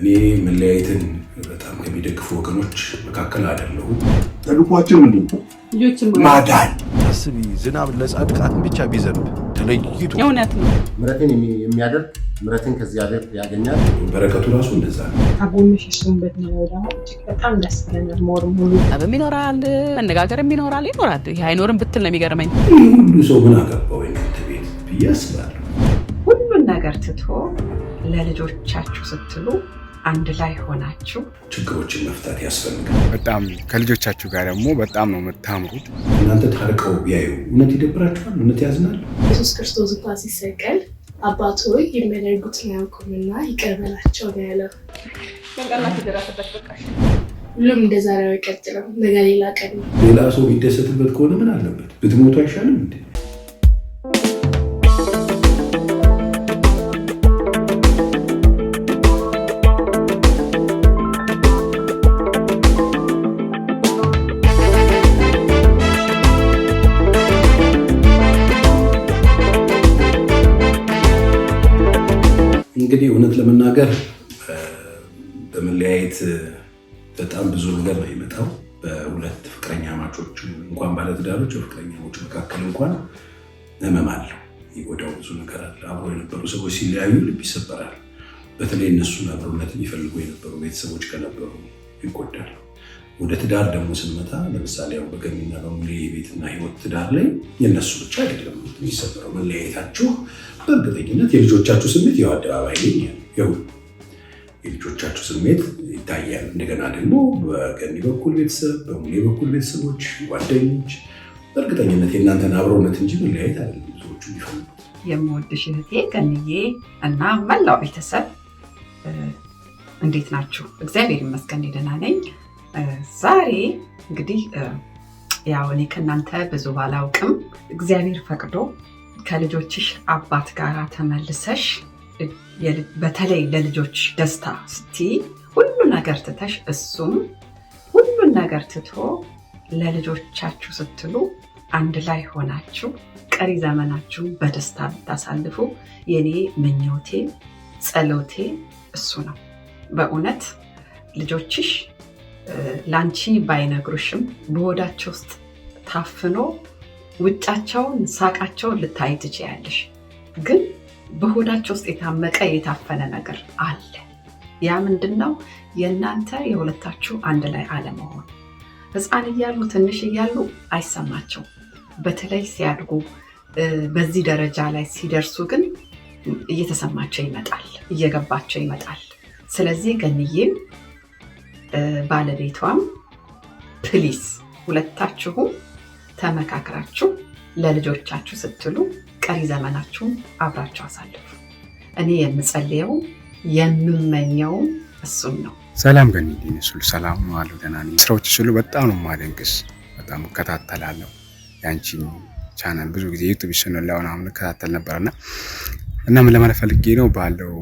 እኔ መለያየትን በጣም ከሚደግፉ ወገኖች መካከል አይደለሁም። ተልኳችን ምንድን ነው? ልጆችን ማዳን። አስቢ ዝናብ ለጻድቃን ብቻ ቢዘንብ ተለይቶ እውነት ነው። ምረትን የሚያደርግ ምረትን ከዚህ ከእግዚአብሔር ያገኛል። በረከቱ ራሱ እንደዛ ነው። ከጎንሽ እሱንበት ነው ደግሞ በጣም ደስ ብለናል። ሞር ሙሉ ይኖራል፣ መነጋገርም ይኖራል ይኖራል። ይህ አይኖርም ብትል ነው የሚገርመኝ። ሁሉ ሰው ምን አገባው የእናንተ ቤት ብዬ አስባለሁ። ሁሉን ነገር ትቶ ለልጆቻችሁ ስትሉ አንድ ላይ ሆናችሁ ችግሮችን መፍታት ያስፈልጋል። በጣም ከልጆቻችሁ ጋር ደግሞ በጣም ነው የምታምሩት። እናንተ ታርቀው ቢያዩ እውነት ይደብራችኋል፣ እውነት ያዝናል። ኢየሱስ ክርስቶስ እኳ ሲሰቀል አባቶ የሚያደርጉት የሚያደርጉትን አያውቁምና ይቅር ነው ያለው። መቀናት የደረሰበት በቃሽ። ሁሉም እንደዛ ይቀጥለው። የቀጥለው። ነገ ሌላ ቀን ነው። ሌላ ሰው የሚደሰትበት ከሆነ ምን አለበት? ብትሞቱ አይሻልም እንዴ? እንግዲህ እውነት ለመናገር በመለያየት በጣም ብዙ ነገር ነው የመጣው። በሁለት ፍቅረኛ ማቾች እንኳን ባለትዳሮች ማቾች መካከል እንኳን ህመም አለው፣ ይጎዳው ብዙ ነገር አለ። አብሮ የነበሩ ሰዎች ሲለያዩ ልብ ይሰበራል። በተለይ እነሱን አብሮነት የሚፈልጉ የነበሩ ቤተሰቦች ከነበሩ ይጎዳል። ወደ ትዳር ደግሞ ስንመጣ ለምሳሌ ያው በገሚና በሙሌ የቤትና ህይወት ትዳር ላይ የነሱ ብቻ አይደለም የሚሰበረው መለያየታችሁ በእርግጠኝነት የልጆቻችሁ ስሜት ያው አደባባይ ላይ የልጆቻችሁ ስሜት ይታያል። እንደገና ደግሞ በገኒ በኩል ቤተሰብ፣ በሙሌ በኩል ቤተሰቦች፣ ጓደኞች በእርግጠኝነት የእናንተን አብሮነት እንጂ መለያየት አለ ብዙዎቹ የሚፈልጉት። የምወድሽ እህቴ ገንዬ እና መላው ቤተሰብ እንዴት ናችሁ? እግዚአብሔር ይመስገን ደህና ነኝ። ዛሬ እንግዲህ ያው እኔ ከእናንተ ብዙ ባላውቅም እግዚአብሔር ፈቅዶ ከልጆችሽ አባት ጋር ተመልሰሽ በተለይ ለልጆች ደስታ ስቲ ሁሉ ነገር ትተሽ እሱም ሁሉን ነገር ትቶ ለልጆቻችሁ ስትሉ አንድ ላይ ሆናችሁ ቀሪ ዘመናችሁ በደስታ ብታሳልፉ የኔ ምኞቴ ጸሎቴ እሱ ነው። በእውነት ልጆችሽ ለአንቺ ባይነግሩሽም በሆዳቸው ውስጥ ታፍኖ ውጫቸውን ሳቃቸውን ልታይ ትችያለሽ፣ ግን በሆዳቸው ውስጥ የታመቀ የታፈነ ነገር አለ። ያ ምንድን ነው? የእናንተ የሁለታችሁ አንድ ላይ አለመሆን። ህፃን እያሉ ትንሽ እያሉ አይሰማቸው። በተለይ ሲያድጉ በዚህ ደረጃ ላይ ሲደርሱ ግን እየተሰማቸው ይመጣል፣ እየገባቸው ይመጣል። ስለዚህ ገንዬም ባለቤቷም ፕሊስ ሁለታችሁም ተመካክራችሁ ለልጆቻችሁ ስትሉ ቀሪ ዘመናችሁን አብራችሁ አሳልፉ። እኔ የምጸልየው የምመኘው እሱን ነው። ሰላም ገኒ፣ እንዴት ሰላም አሉ። ደህና ነኝ። ስራዎችሽ ሁሉ በጣም ነው ማደንቅስ በጣም እከታተላለሁ ያንቺን ቻናል ብዙ ጊዜ ዩቱብ ቻናል ላይ ምናምን እከታተል ነበርና እና ምን ለማለት ፈልጌ ነው ባለው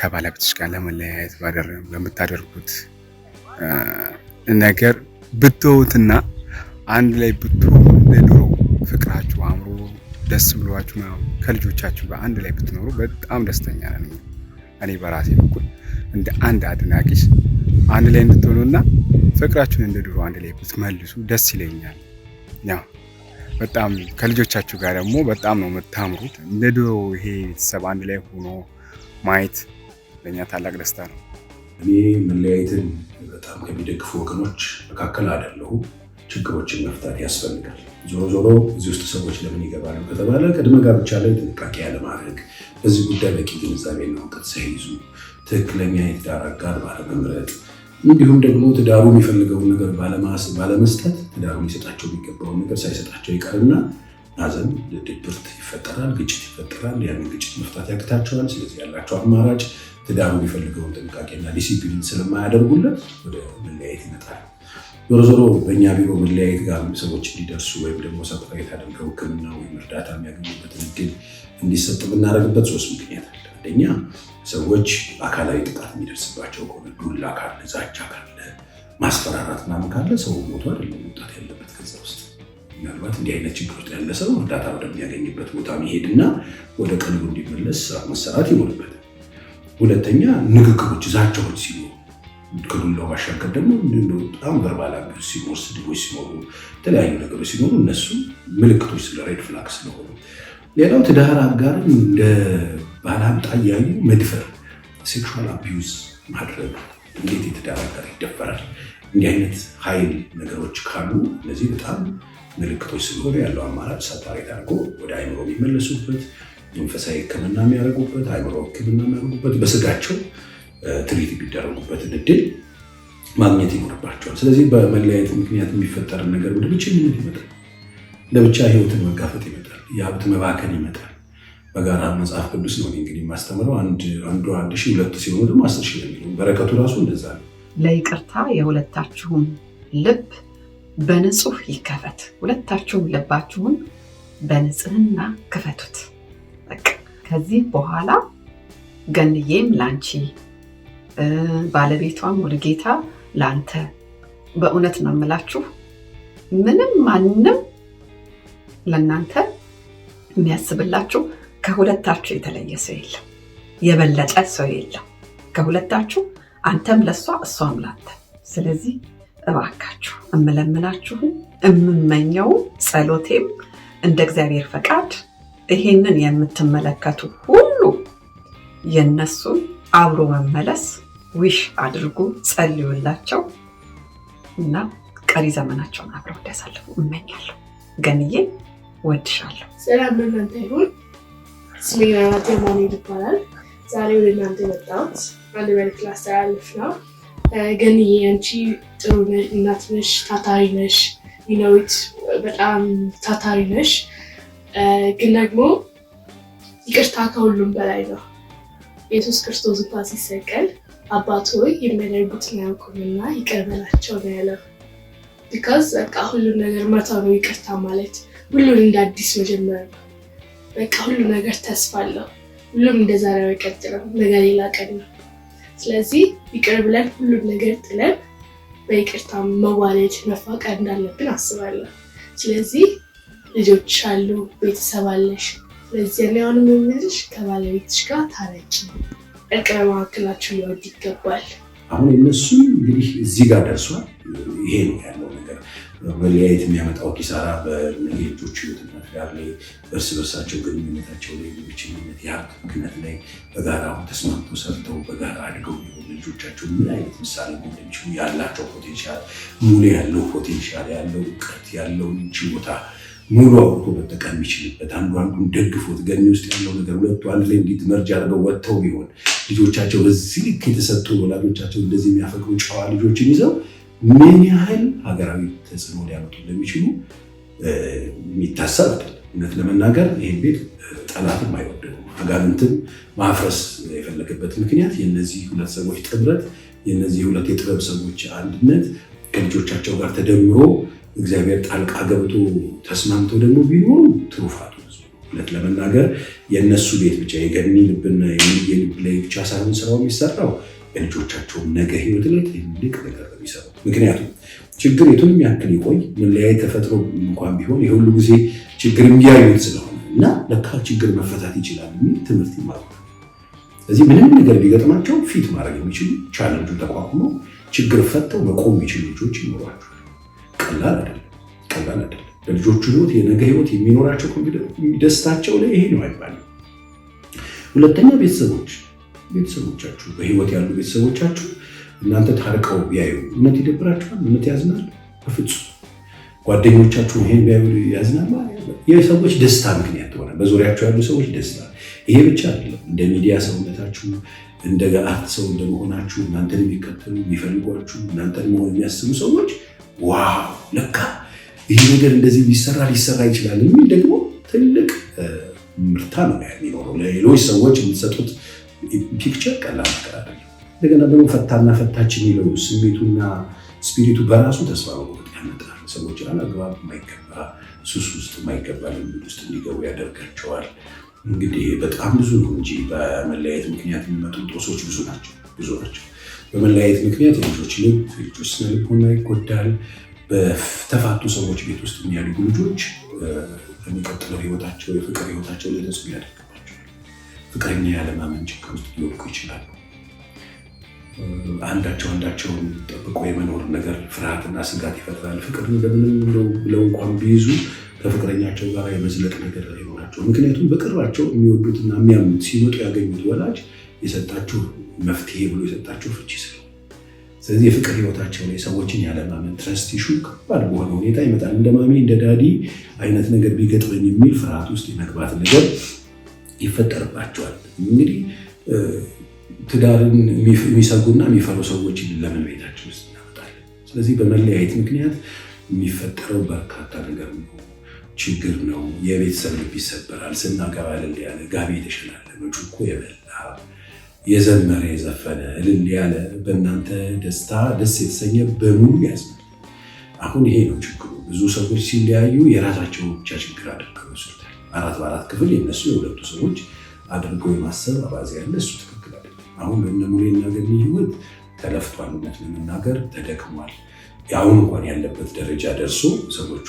ከባለቤትሽ ጋር ለመለያየት ባደረ ለምታደርጉት ነገር ብትውትና አንድ ላይ ብትሆኑ ለድሮ ፍቅራችሁ አምሮ ደስ ብሏችሁ ከልጆቻችሁ ጋር አንድ ላይ ብትኖሩ በጣም ደስተኛ ነኝ። እኔ በራሴ በኩል እንደ አንድ አድናቂስ አንድ ላይ ና ፍቅራችሁን እንደ ድሮ አንድ ላይ ብትመልሱ ደስ ይለኛል። ያው በጣም ከልጆቻችሁ ጋር ደግሞ በጣም ነው የምታምሩት። እንደ ድሮ ይሄ ቤተሰብ አንድ ላይ ሆኖ ማየት ለእኛ ታላቅ ደስታ ነው። እኔ መለያየትን በጣም ከሚደግፉ ወገኖች መካከል አይደለሁም። ችግሮችን መፍታት ያስፈልጋል። ዞሮ ዞሮ እዚህ ውስጥ ሰዎች ለምን ይገባሉ ከተባለ ቅድመ ጋብቻ ላይ ጥንቃቄ ያለማድረግ፣ በዚህ ጉዳይ በቂ ግንዛቤና እውቀት ሳይይዙ ትክክለኛ የትዳር አጋር ባለመምረጥ፣ እንዲሁም ደግሞ ትዳሩ የሚፈልገውን ነገር ባለመስጠት ትዳሩ የሚሰጣቸው የሚገባውን ነገር ሳይሰጣቸው ይቀርና ሐዘን፣ ድብርት ይፈጠራል፣ ግጭት ይፈጠራል። ያንን ግጭት መፍታት ያቅታቸዋል። ስለዚህ ያላቸው አማራጭ ትዳሩ የሚፈልገውን ጥንቃቄና ዲሲፕሊን ስለማያደርጉለት ወደ መለያየት ይመጣል። ዞሮ ዞሮ በእኛ ቢሮ መለያየት ጋር ሰዎች እንዲደርሱ ወይም ደግሞ ሰፋ አድርገው ሕክምና ወይም እርዳታ የሚያገኙበትን እድል እንዲሰጥ ብናደርግበት ሶስት ምክንያት አለ። አንደኛ ሰዎች አካላዊ ጥቃት የሚደርስባቸው ከሆነ ዱላ ካለ፣ ዛቻ ካለ፣ ማስፈራራት ምናምን ካለ ሰው ሞቶ አይደለም መውጣት ያለበት ከዛ ውስጥ ምናልባት እንዲህ አይነት ችግር ውስጥ ያለ ሰው እርዳታ ወደሚያገኝበት ቦታ መሄድና ወደ ቀልቡ እንዲመለስ መሰራት ይኖርበታል። ሁለተኛ ንግግሮች፣ ዛቻዎች ሲኖሩ ከዱላው ባሻገር ደግሞ በጣም ቨርባል አቢዩዝ ሲኖር፣ ስድቦች ሲኖሩ፣ የተለያዩ ነገሮች ሲኖሩ እነሱ ምልክቶች ስለ ሬድ ፍላግ ስለሆኑ፣ ሌላው ትዳር አጋርን እንደ ባላምጣ እያዩ መድፈር፣ ሴክሹዋል አቢዩዝ ማድረግ። እንዴት የትዳር አጋር ይደፈራል? እንዲህ አይነት ኃይል ነገሮች ካሉ እነዚህ በጣም ምልክቶች ስለሆኑ ያለው አማራጭ ሳታሬት አድርጎ ወደ አይምሮ የሚመለሱበት መንፈሳዊ ሕክምና የሚያደርጉበት አይምሮ ሕክምና የሚያደርጉበት በስጋቸው ትሪት የሚደረጉበትን እድል ማግኘት ይኖርባቸዋል። ስለዚህ በመለያየት ምክንያት የሚፈጠርን ነገር ወደ ብቸኝነት ይመጣል፣ ለብቻ ህይወትን መጋፈጥ ይመጣል፣ የሀብት መባከን ይመጣል። በጋራ መጽሐፍ ቅዱስ ነው እንግዲህ የማስተምረው። አንዱ አንድ ሺ ሁለት ሲሆኑ ደግሞ አስር ሺ የሚለው በረከቱ ራሱ እንደዛ ነው። ለይቅርታ የሁለታችሁም ልብ በንጹህ ይከፈት። ሁለታችሁም ልባችሁን በንጽህና ክፈቱት። ከዚህ በኋላ ገንዬም ላንቺ ባለቤቷም ወደ ጌታ ላንተ በእውነት ነው የምላችሁ ምንም ማንም ለእናንተ የሚያስብላችሁ ከሁለታችሁ የተለየ ሰው የለም። የበለጠ ሰው የለም ከሁለታችሁ አንተም ለእሷ እሷም ላንተ። ስለዚህ እባካችሁ እምለምናችሁም እምመኘውም ጸሎቴም እንደ እግዚአብሔር ፈቃድ ይሄንን የምትመለከቱ ሁሉ የእነሱን አብሮ መመለስ ዊሽ አድርጉ፣ ጸልዩላቸው እና ቀሪ ዘመናቸውን አብረው እንዲያሳልፉ እመኛለሁ። ገንዬ ወድሻለሁ። ሰላም ለእናንተ ይሁን። ስሜ ራቴ ማኑኤል ይባላል። ዛሬ ወደ እናንተ የመጣሁት አንድ መልዕክት ላስተላልፍ ነው። ገንዬ አንቺ ጥሩ እናት ነሽ፣ ታታሪ ነሽ፣ ሚናዊት በጣም ታታሪ ነሽ። ግን ደግሞ ይቅርታ ከሁሉም በላይ ነው። ኢየሱስ ክርስቶስ እንኳን ሲሰቀል አባት ሆይ የሚያደርጉትን አያውቁምና ይቅር በላቸው ነው ያለው። ቢካዝ በቃ ሁሉም ነገር መታ ነው ይቅርታ ማለት ሁሉን እንደ አዲስ መጀመር ነው። በቃ ሁሉ ነገር ተስፋ አለው። ሁሉም እንደ ዛሬው አይቀጥልም፣ ነገ ሌላ ቀን ነው። ስለዚህ ይቅር ብለን ሁሉም ነገር ጥለን በይቅርታ መዋለድ መፋቀር እንዳለብን አስባለሁ። ስለዚህ ልጆች አሉ፣ ቤተሰብ አለሽ። ስለዚህ ያለውን የምልሽ ከባለቤትሽ ጋር ታረቂ። እርቅ በመካከላችሁ ሊወድ ይገባል። አሁን እነሱም እንግዲህ እዚህ ጋር ደርሷል። ይሄ ነው ያለው ነገር። መለያየት የሚያመጣው ኪሳራ በልጆቹ ህይወትና ትዳር ላይ፣ እርስ በርሳቸው ግንኙነታቸው ላይ፣ ብቸኝነት፣ የሀብት ምክንያት ላይ በጋራ ተስማምተው ሰርተው በጋራ አድገው ልጆቻቸው ምን አይነት ምሳሌ እንደሚችሉ ያላቸው ፖቴንሻል ሙሉ ያለው ፖቴንሻል ያለው እውቀት ያለው ችሎታ ሙሉ አውርቶ መጠቀም የሚችልበት አንዱ አንዱን ደግፎት ገሚ ውስጥ ያለው ነገር ሁለቱ አንድ ላይ እንዲት መርጃ አድርገው ወጥተው ቢሆን ልጆቻቸው በዚህ ልክ የተሰጡ ወላጆቻቸው እንደዚህ የሚያፈቅሩ ጨዋ ልጆችን ይዘው ምን ያህል ሀገራዊ ተጽዕኖ ሊያመጡ እንደሚችሉ የሚታሰብ አይደለም። እውነት ለመናገር ይህን ቤት ጠላትም አይወደውም፣ አጋንንትም ማፍረስ የፈለገበት ምክንያት የነዚህ ሁለት ሰዎች ጥብረት፣ የነዚህ ሁለት የጥበብ ሰዎች አንድነት ከልጆቻቸው ጋር ተደምሮ እግዚአብሔር ጣልቃ ገብቶ ተስማምተው ደግሞ ቢኖሩ ትሩፋቱ ብዙ እውነት ለመናገር የእነሱ ቤት ብቻ የገኒ ልብና ልብ ላይ ብቻ ሳይሆን ስራው የሚሰራው በልጆቻቸውም ነገ ህይወት ላይ ትልቅ ነገር የሚሰሩ ምክንያቱም ችግር የቱንም ያክል ይቆይ መለያየት ተፈጥሮ እንኳን ቢሆን የሁሉ ጊዜ ችግር የሚያዩት ስለሆነ እና ለካ ችግር መፈታት ይችላል የሚል ትምህርት ይማሩ። እዚህ ምንም ነገር ቢገጥማቸው ፊት ማድረግ የሚችሉ ቻለንጁ ተቋቁመው ችግር ፈተው መቆም የሚችሉ ልጆች ይኖሯቸው ቀላል አይደለም፣ ቀላል አይደለም። በልጆቹ ህይወት፣ የነገ ህይወት የሚኖራቸው ደስታቸው ላይ ይሄ ነው አይባልም። ሁለተኛ ቤተሰቦች ቤተሰቦቻችሁ በህይወት ያሉ ቤተሰቦቻችሁ እናንተ ታርቀው ቢያዩ እውነት ይደብራችኋል? እውነት ያዝናል? በፍጹም ጓደኞቻችሁ ይሄን ቢያዩ ያዝናል? የሰዎች ደስታ ምክንያት ሆነ በዙሪያቸው ያሉ ሰዎች ደስታ። ይሄ ብቻ አይደለም። እንደ ሚዲያ ሰውነታችሁ እንደ ገአት ሰው እንደመሆናችሁ እናንተን የሚከተሉ የሚፈልጓችሁ እናንተን መሆን የሚያስቡ ሰዎች ዋው ለካ ይህ ነገር እንደዚህ ሊሰራ ሊሰራ ይችላል የሚል ደግሞ ትልቅ ምርታ ነው የሚኖረው። ለሌሎች ሰዎች የምትሰጡት ፒክቸር ቀላል ነገር እንደገና ደግሞ ፈታና ፈታች የሚለው ስሜቱና ስፒሪቱ በራሱ ተስፋ መቁረጥ ያመጣል። ሰዎች አላግባብ የማይገባ ሱስ ውስጥ የማይገባ ልምድ ውስጥ እንዲገቡ ያደርጋቸዋል። እንግዲህ በጣም ብዙ ነው እንጂ በመለያየት ምክንያት የሚመጡ ጦሶች ብዙ ናቸው ብዙ ናቸው። በመለያየት ምክንያት የልጆች ልብ የልጆች ይጎዳል። በተፋቱ ሰዎች ቤት ውስጥ የሚያድጉ ልጆች በሚቀጥለው ህይወታቸው የፍቅር ህይወታቸው ላይ ያደርግባቸዋል። ፍቅረኛ ያለማመን ችግር ውስጥ ሊወድቁ ይችላሉ። አንዳቸው አንዳቸውን ጠብቆ የመኖር ነገር ፍርሃትና ስጋት ይፈጥራል። ፍቅር እንደምንም ብለው እንኳን ቢይዙ ከፍቅረኛቸው ጋር የመዝለቅ ነገር ይኖራቸው። ምክንያቱም በቅርባቸው የሚወዱትና የሚያምኑት ሲመጡ ያገኙት ወላጅ የሰጣችሁ መፍትሄ ብሎ የሰጣቸው ፍቺ ስለ ስለዚህ የፍቅር ህይወታቸው ላይ ሰዎችን ያለማመን ትረስት ሹ ከባድ በሆነ ሁኔታ ይመጣል። እንደ ማሚ እንደ ዳዲ አይነት ነገር ቢገጥመኝ የሚል ፍርሃት ውስጥ የመግባት ነገር ይፈጠርባቸዋል። እንግዲህ ትዳርን የሚሰጉና የሚፈሩ ሰዎች ለምን ቤታችን ውስጥ እናመጣለን? ስለዚህ በመለያየት ምክንያት የሚፈጠረው በርካታ ነገር ነው፣ ችግር ነው። የቤተሰብ ልብ ይሰበራል። ስናገባ ያለ ጋቢ የተሸላለ መጩኮ የበላ የዘመረ የዘፈነ እልል ያለ በእናንተ ደስታ ደስ የተሰኘ በሙሉ ያዝናል። አሁን ይሄ ነው ችግሩ። ብዙ ሰዎች ሲለያዩ የራሳቸውን ብቻ ችግር አድርገው ይወስዱታል። አራት በአራት ክፍል የነሱ የሁለቱ ሰዎች አድርገው የማሰብ አባዜ ያለ እሱ ትክክል አለ። አሁን በእነ ሙሌና ገኒ ህይወት ተለፍቷል። እውነት ለመናገር ተደክሟል። የአሁን እንኳን ያለበት ደረጃ ደርሶ ሰዎቹ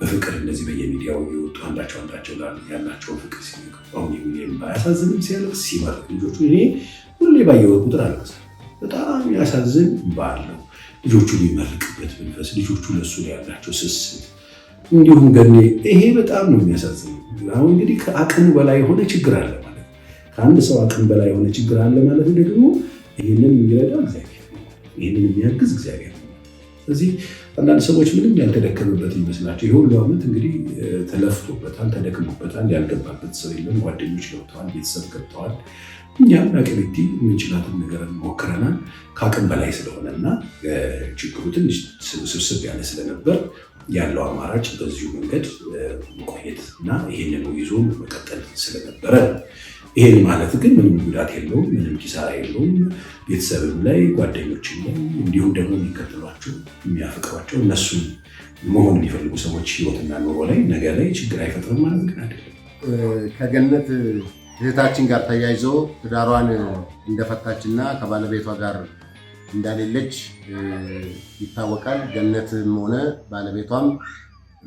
በፍቅር እንደዚህ በየሚዲያው የወጡ አንዳቸው አንዳቸው ጋር ያላቸውን ፍቅር ሲነግሩ አሁን ባያሳዝንም ሲያለቅስ ሲባረክ ልጆቹ እኔ ሁሌ ባየወር ቁጥር አለቅሳል። በጣም ያሳዝን ባለው ልጆቹ የሚመርቅበት መንፈስ ልጆቹ ለሱ ላይ ያላቸው ስስት እንዲሁም ገኔ ይሄ በጣም ነው የሚያሳዝን። አሁን እንግዲህ ከአቅም በላይ የሆነ ችግር አለ ማለት ከአንድ ሰው አቅም በላይ የሆነ ችግር አለ ማለት ደግሞ ይህንን የሚረዳ እግዚአብሔር ነው። ይህንን የሚያግዝ እግዚአብሔር ነው። ስለዚህ አንዳንድ ሰዎች ምንም ያልተደከመበት ይመስላቸው የሁሉ ሁሉ ዓመት እንግዲህ ተለፍቶበታል፣ ተደክሞበታል። ያልገባበት ሰው የለም። ጓደኞች ገብተዋል፣ ቤተሰብ ገብተዋል። እኛም አቅቤቲ የምንችላትን ነገር ሞክረናል። ከአቅም በላይ ስለሆነና ችግሩ ትንሽ ስብስብ ያለ ስለነበር ያለው አማራጭ በዚሁ መንገድ መቆየት እና ይህንን ይዞ መቀጠል ስለነበረ ነው። ይሄን ማለት ግን ምንም ጉዳት የለውም፣ ምንም ኪሳራ የለውም። ቤተሰብም ላይ ጓደኞችም ላይ እንዲሁም ደግሞ የሚከተሏቸው የሚያፈቅሯቸው እነሱ መሆን የሚፈልጉ ሰዎች ህይወትና ኑሮ ላይ ነገ ላይ ችግር አይፈጥርም ማለት ግን አይደለም። ከገነት እህታችን ጋር ተያይዞ ትዳሯን እንደፈታችና ከባለቤቷ ጋር እንዳሌለች ይታወቃል። ገነትም ሆነ ባለቤቷም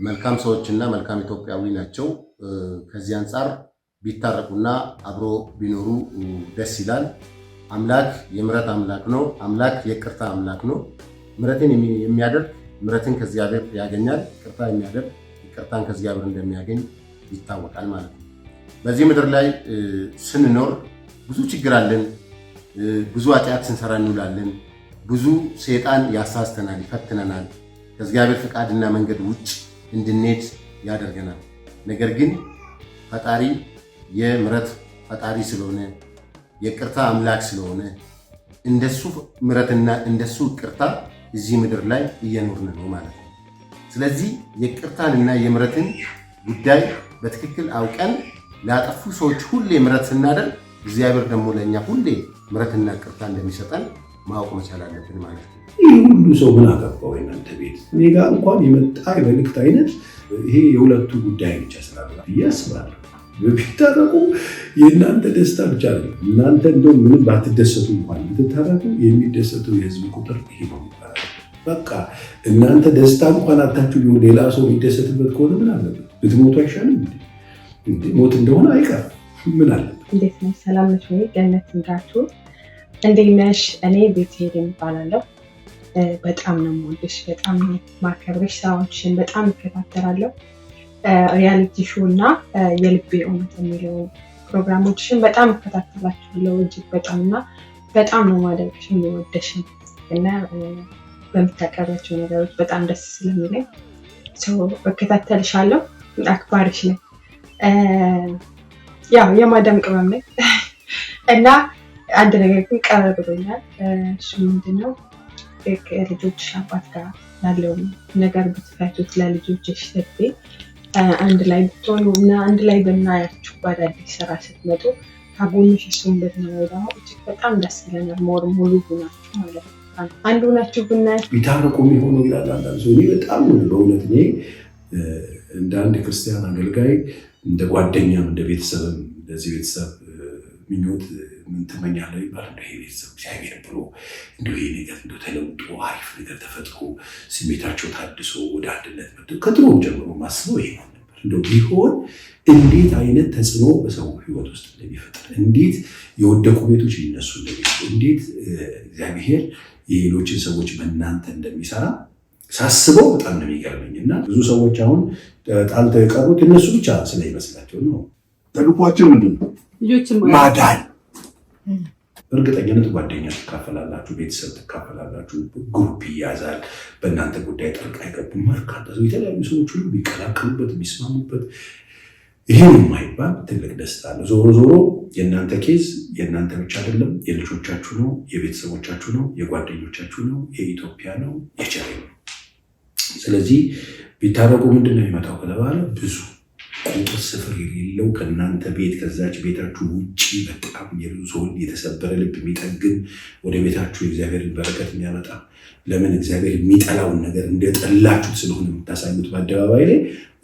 መልካም ሰዎችና መልካም ኢትዮጵያዊ ናቸው። ከዚህ አንጻር ቢታረቁና አብሮ ቢኖሩ ደስ ይላል። አምላክ የምረት አምላክ ነው። አምላክ የቅርታ አምላክ ነው። ምረትን የሚያደርግ ምረትን ከእግዚአብሔር ያገኛል። ቅርታ የሚያደርግ ቅርታን ከእግዚአብሔር እንደሚያገኝ ይታወቃል ማለት ነው። በዚህ ምድር ላይ ስንኖር ብዙ ችግር አለን። ብዙ ኃጢአት ስንሰራ እንውላለን። ብዙ ሰይጣን ያሳስተናል፣ ይፈትነናል። ከእግዚአብሔር ፈቃድና መንገድ ውጭ እንድንሄድ ያደርገናል። ነገር ግን ፈጣሪ የምረት ፈጣሪ ስለሆነ የቅርታ አምላክ ስለሆነ እንደሱ ምረትና እንደሱ ቅርታ እዚህ ምድር ላይ እየኖርን ነው ማለት ነው። ስለዚህ የቅርታንና የምሕረትን ጉዳይ በትክክል አውቀን ላጠፉ ሰዎች ሁሌ ምረት ስናደርግ እግዚአብሔር ደግሞ ለእኛ ሁሌ ምሕረትና ቅርታ እንደሚሰጠን ማወቅ መቻል አለብን ማለት ነው። ይህ ሁሉ ሰው ምን አገባው እናንተ ቤት እኔ ጋር እንኳን የመጣ የመልእክት አይነት ይሄ የሁለቱ ጉዳይ ብቻ ስላለ ብዬ አስባለሁ። ብታረቁ የእናንተ ደስታ ብቻ ነው። እናንተ እንደው ምንም ባትደሰቱ እንኳን ብትታረቁ የሚደሰተው የህዝብ ቁጥር ይሄ ነው። በቃ እናንተ ደስታ እንኳን አታችሁ ቢሆን ሌላ ሰው የሚደሰትበት ከሆነ ምን አለበት? ብትሞቱ አይሻልም? ሞት እንደሆነ አይቀርም። ምን አለበት? እንዴት ነው ሰላም ነሽ ወይ? ገነት እንዳችሁ እንዴት ነሽ? እኔ ቤትሄድ የሚባላለው በጣም ነው የምወድሽ፣ በጣም ነው ማከብርሽ፣ ስራዎችን በጣም እከታተላለሁ። ሪያሊቲ ሾው እና የልቤ እውነት የሚለው ፕሮግራሞችሽን በጣም እከታተላችኋለሁ። እጅግ በጣም እና በጣም ነው ማደንቅሽ የሚወደሽን እና በምታቀርባቸው ነገሮች በጣም ደስ ስለሚለኝ እከታተልሻለሁ። አክባሪሽ ነኝ፣ ያው የማዳም ቅመም ነኝ እና አንድ ነገር ግን ቀረ ብሎኛል። እሱ ምንድነው ልጆች አባት ጋር ያለውን ነገር ብትፈቱት ለልጆች ሽተቤ አንድ ላይ ብትሆኑ እና አንድ ላይ በምናያችሁ በአዳዲስ ስራ ስትመጡ ከጎንሽ እሱን ብትኖሩ ደግሞ እጅግ በጣም ደስ ይለናል። ሞር ሙሉ ናችሁ ማለት ነው። አንዱ ናችሁ ብናያችሁ ቢታረቁ የሚሆኑ ይላል አንዳንድ ሰው። በጣም በእውነት እኔ እንደ አንድ ክርስቲያን አገልጋይ እንደ ጓደኛም እንደ ቤተሰብም ለዚህ ቤተሰብ ምኞት ምን ትመኛለህ ይባል እንደ ቤተሰብ እግዚአብሔር ብሎ እንደ ይሄ ነገር እንደ ተለውጦ አሪፍ ነገር ተፈጥሮ ስሜታቸው ታድሶ ወደ አንድነት መጥ ከድሮ ጀምሮ ማስበው ይሄ ነበር። እንደ ቢሆን እንዴት አይነት ተጽዕኖ በሰው ህይወት ውስጥ እንደሚፈጥር፣ እንዴት የወደቁ ቤቶች ሊነሱ እንደሚችሉ፣ እንዴት እግዚአብሔር የሌሎችን ሰዎች በእናንተ እንደሚሰራ ሳስበው በጣም ነው የሚገርመኝ እና ብዙ ሰዎች አሁን ጣልተው የቀሩት እነሱ ብቻ ስለ ይመስላቸው ነው። ተልኳችን ምንድን ነው? ልጆችን ማዳን እርግጠኝነት ጓደኛ ትካፈላላችሁ፣ ቤተሰብ ትካፈላላችሁ፣ ግሩፕ ይያዛል። በእናንተ ጉዳይ ጠልቅ አይገቡም። በርካታ የተለያዩ ሰዎች ሁሉ የሚቀላቀሉበት የሚስማሙበት ይህም የማይባል ትልቅ ደስታ አለ። ዞሮ ዞሮ የእናንተ ኬዝ የእናንተ ብቻ አይደለም፣ የልጆቻችሁ ነው፣ የቤተሰቦቻችሁ ነው፣ የጓደኞቻችሁ ነው፣ የኢትዮጵያ ነው፣ የቸሬ ነው። ስለዚህ ቢታረቁ ምንድነው የሚመጣው ከተባለ ብዙ ቁጥር ስፍር የሌለው ከእናንተ ቤት ከዛች ቤታችሁ ውጭ በጣም የብዙ የተሰበረ ልብ የሚጠግን ወደ ቤታችሁ የእግዚአብሔርን በረከት የሚያመጣ ለምን እግዚአብሔር የሚጠላውን ነገር እንደጠላችሁት ስለሆነ የምታሳዩት በአደባባይ ላይ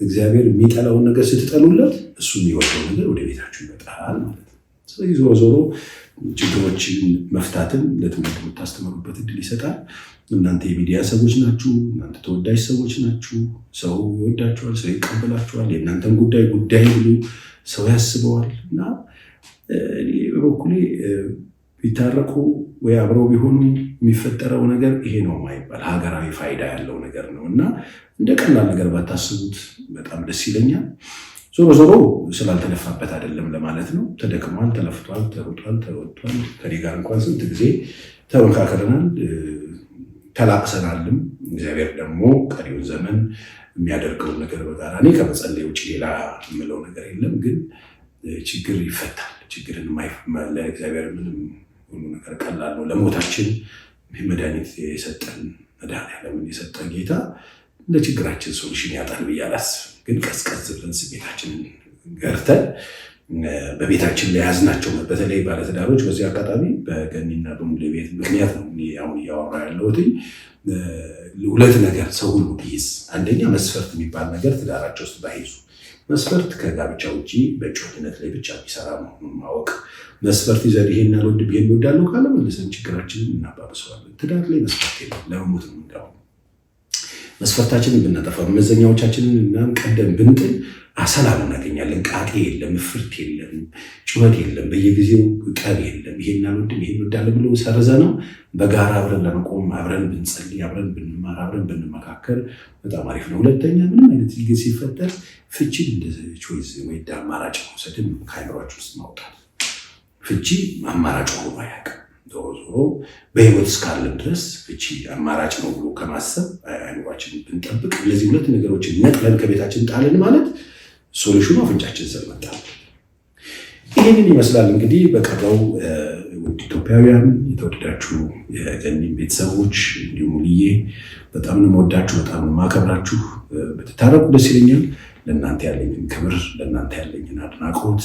እግዚአብሔር የሚጠላውን ነገር ስትጠሉለት እሱ የሚወደው ነገር ወደ ቤታችሁ ይመጣል ማለት ነው። ስለዚህ ዞሮ ዞሮ ችግሮችን መፍታትን ለትውልድ የምታስተምሩበት እድል ይሰጣል። እናንተ የሚዲያ ሰዎች ናችሁ። እናንተ ተወዳጅ ሰዎች ናችሁ። ሰው ይወዳችኋል፣ ሰው ይቀበላችኋል። የእናንተን ጉዳይ ጉዳይ ብሎ ሰው ያስበዋል እና በበኩሌ ቢታረቁ ወይ አብረው ቢሆኑ የሚፈጠረው ነገር ይሄ ነው ማይባል ሀገራዊ ፋይዳ ያለው ነገር ነው እና እንደ ቀላል ነገር ባታስቡት በጣም ደስ ይለኛል። ዞሮ ዞሮ ስላልተለፋበት አይደለም ለማለት ነው። ተደክሟል፣ ተለፍቷል፣ ተሩጧል፣ ተወጥቷል። ከኔ ጋር እንኳን ስንት ጊዜ ተመካክረናል፣ ተላቅሰናልም። እግዚአብሔር ደግሞ ቀሪውን ዘመን የሚያደርገውን ነገር በጋራ እኔ ከመጸለይ ውጭ ሌላ የምለው ነገር የለም። ግን ችግር ይፈታል። ችግርን ለእግዚአብሔር ምንም ሁሉ ነገር ቀላል ነው። ለሞታችን መድኃኒት የሰጠን መድኃኒዓለምን የሰጠን ጌታ ለችግራችን ሶሉሽን ያጣል ብዬ አላስብም። ግን ቀዝቀዝ ብለን ስሜታችንን ገርተን በቤታችን ላይ ያዝናቸው በተለይ ባለትዳሮች በዚህ አጋጣሚ በገኒና በሙሌ ቤት ምክንያት ነው አሁን እያወራ ያለሁት። ሁለት ነገር ሰው ሁሉ ቢይዝ፣ አንደኛ መስፈርት የሚባል ነገር ትዳራቸው ውስጥ ባይዙ። መስፈርት ከጋብቻ ውጭ በእጮኝነት ላይ ብቻ የሚሰራ መሆኑን ማወቅ። መስፈርት ይዘን ይሄን ያልወድ ብሄን ወዳለው ካለመልሰን ችግራችንን እናባብሰዋለን። ትዳር ላይ መስፈርት የለም፣ ለመሞት ነው። መስፈርታችንን ብናጠፋ መዘኛዎቻችንን እናም ቀደም ብንጥል አሰላም እናገኛለን። ቃጤ የለም፣ ፍርት የለም፣ ጩኸት የለም፣ በየጊዜው ቀብ የለም። ይሄን አልወድም ይሄን ወዳለ ብሎ ሰረዘ ነው። በጋራ አብረን ለመቆም አብረን ብንጸልይ፣ አብረን ብንማር፣ አብረን ብንመካከል በጣም አሪፍ ነው። ሁለተኛ ምንም አይነት ግ ሲፈጠር ፍቺን እንደ ቾይዝ ወይ አማራጭ መውሰድም ከአይምሯችን ውስጥ ማውጣት። ፍቺ አማራጭ ሆኖ አያውቅም። ዞሮ ዞሮ በህይወት እስካለን ድረስ ፍቺ አማራጭ ነው ብሎ ከማሰብ አይምሯችን ብንጠብቅ እነዚህ ሁለት ነገሮችን ነቅለን ከቤታችን ጣልን ማለት ሶሉሽኑ አፍንጫችን ስር መጣ። ይህንን ይመስላል እንግዲህ በቀረው ውድ ኢትዮጵያውያን የተወደዳችሁ የገኒ ቤተሰቦች እንዲሁም ልዬ በጣም ንመወዳችሁ በጣም ማከብራችሁ ብትታረቁ ደስ ይለኛል። ለእናንተ ያለኝን ክብር፣ ለእናንተ ያለኝን አድናቆት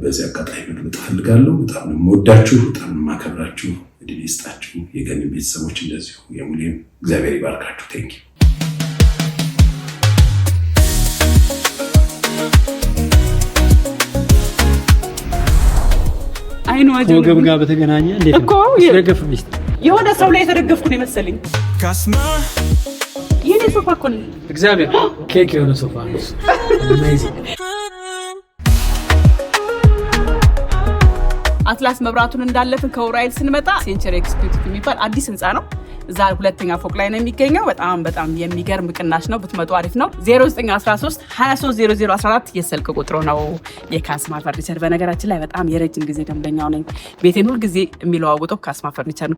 በዚህ አጋጣሚ መግለጥ እፈልጋለሁ። በጣም የምወዳችሁ፣ በጣም የማከብራችሁ፣ እድሜ ይስጣችሁ። የገኒ ቤተሰቦች እንደዚሁ የሙሌም እግዚአብሔር ይባርካችሁ። ቴንኪው ወገብ ጋር በተገናኘ የተደገፈ ሚስ የሆነ ሰው ላይ የተደገፍኩ ነው የመሰለኝ። የኔ ሶፋ እኮ ነው እግዚአብሔር ኬክ የሆነ ሶፋ ነው አትላስ መብራቱን እንዳለፍን ከውራይል ስንመጣ ሴንቸሪ ኤክስኪዩቲቭ የሚባል አዲስ ህንፃ ነው። እዛ ሁለተኛ ፎቅ ላይ ነው የሚገኘው። በጣም በጣም የሚገርም ቅናሽ ነው። ብትመጡ አሪፍ ነው። 0913 የስልክ ቁጥሩ ነው። የካስማ ፈርኒቸር በነገራችን ላይ በጣም የረጅም ጊዜ ደንበኛው ነኝ። ቤቴን ሁልጊዜ የሚለዋውጠው ካስማ ፈርኒቸር ነው።